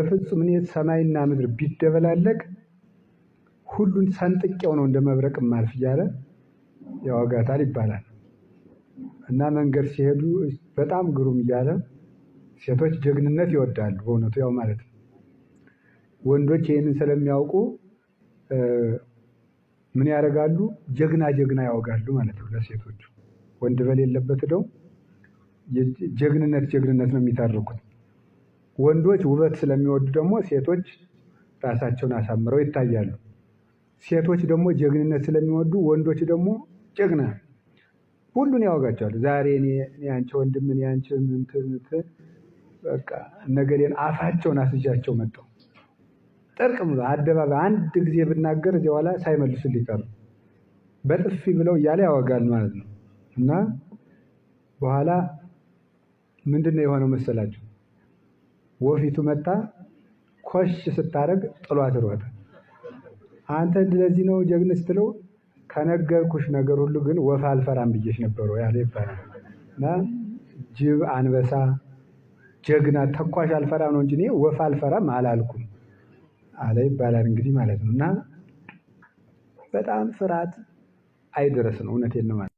በፍጹም እኔ ሰማይና ምድር ቢደበላለቅ ሁሉን ሰንጥቄው ነው እንደ መብረቅ ማልፍ እያለ ያወጋታል ይባላል። እና መንገድ ሲሄዱ በጣም ግሩም እያለ ሴቶች ጀግንነት ይወዳሉ። በእውነቱ ያው ማለት ነው። ወንዶች ይህንን ስለሚያውቁ ምን ያደርጋሉ? ጀግና ጀግና ያወጋሉ ማለት ነው። ለሴቶቹ ወንድ በሌለበት ደው ጀግንነት ጀግንነት ነው የሚታረጉት። ወንዶች ውበት ስለሚወዱ ደግሞ ሴቶች ራሳቸውን አሳምረው ይታያሉ። ሴቶች ደግሞ ጀግንነት ስለሚወዱ ወንዶች ደግሞ ጀግና ሁሉን ያወጋቸዋል። ዛሬ እኔ አንቺ ወንድም እኔ አንቺ እንትን በቃ ነገሌን አፋቸውን መጣው መጣሁ። ጥርቅም አደባባይ አንድ ጊዜ ብናገር እዚህ በኋላ ሳይመልሱ ሊቀሩ በጥፊ ብለው እያለ ያወጋል ማለት ነው። እና በኋላ ምንድን ነው የሆነው መሰላቸው ወፊቱ መጣ ኮሽ ስታደርግ ጥሏት ሮጠ። አንተ እንደዚህ ነው ጀግን ስትለው ከነገርኩሽ ነገር ሁሉ ግን ወፍ አልፈራም ብዬሽ ነበረ ያለ ይባላል። እና ጅብ፣ አንበሳ፣ ጀግና፣ ተኳሽ አልፈራም ነው እንጂ እኔ ወፍ አልፈራም አላልኩም አለ ይባላል። እንግዲህ ማለት ነው እና በጣም ፍርሃት አይደረስ ነው እውነቴን ነው።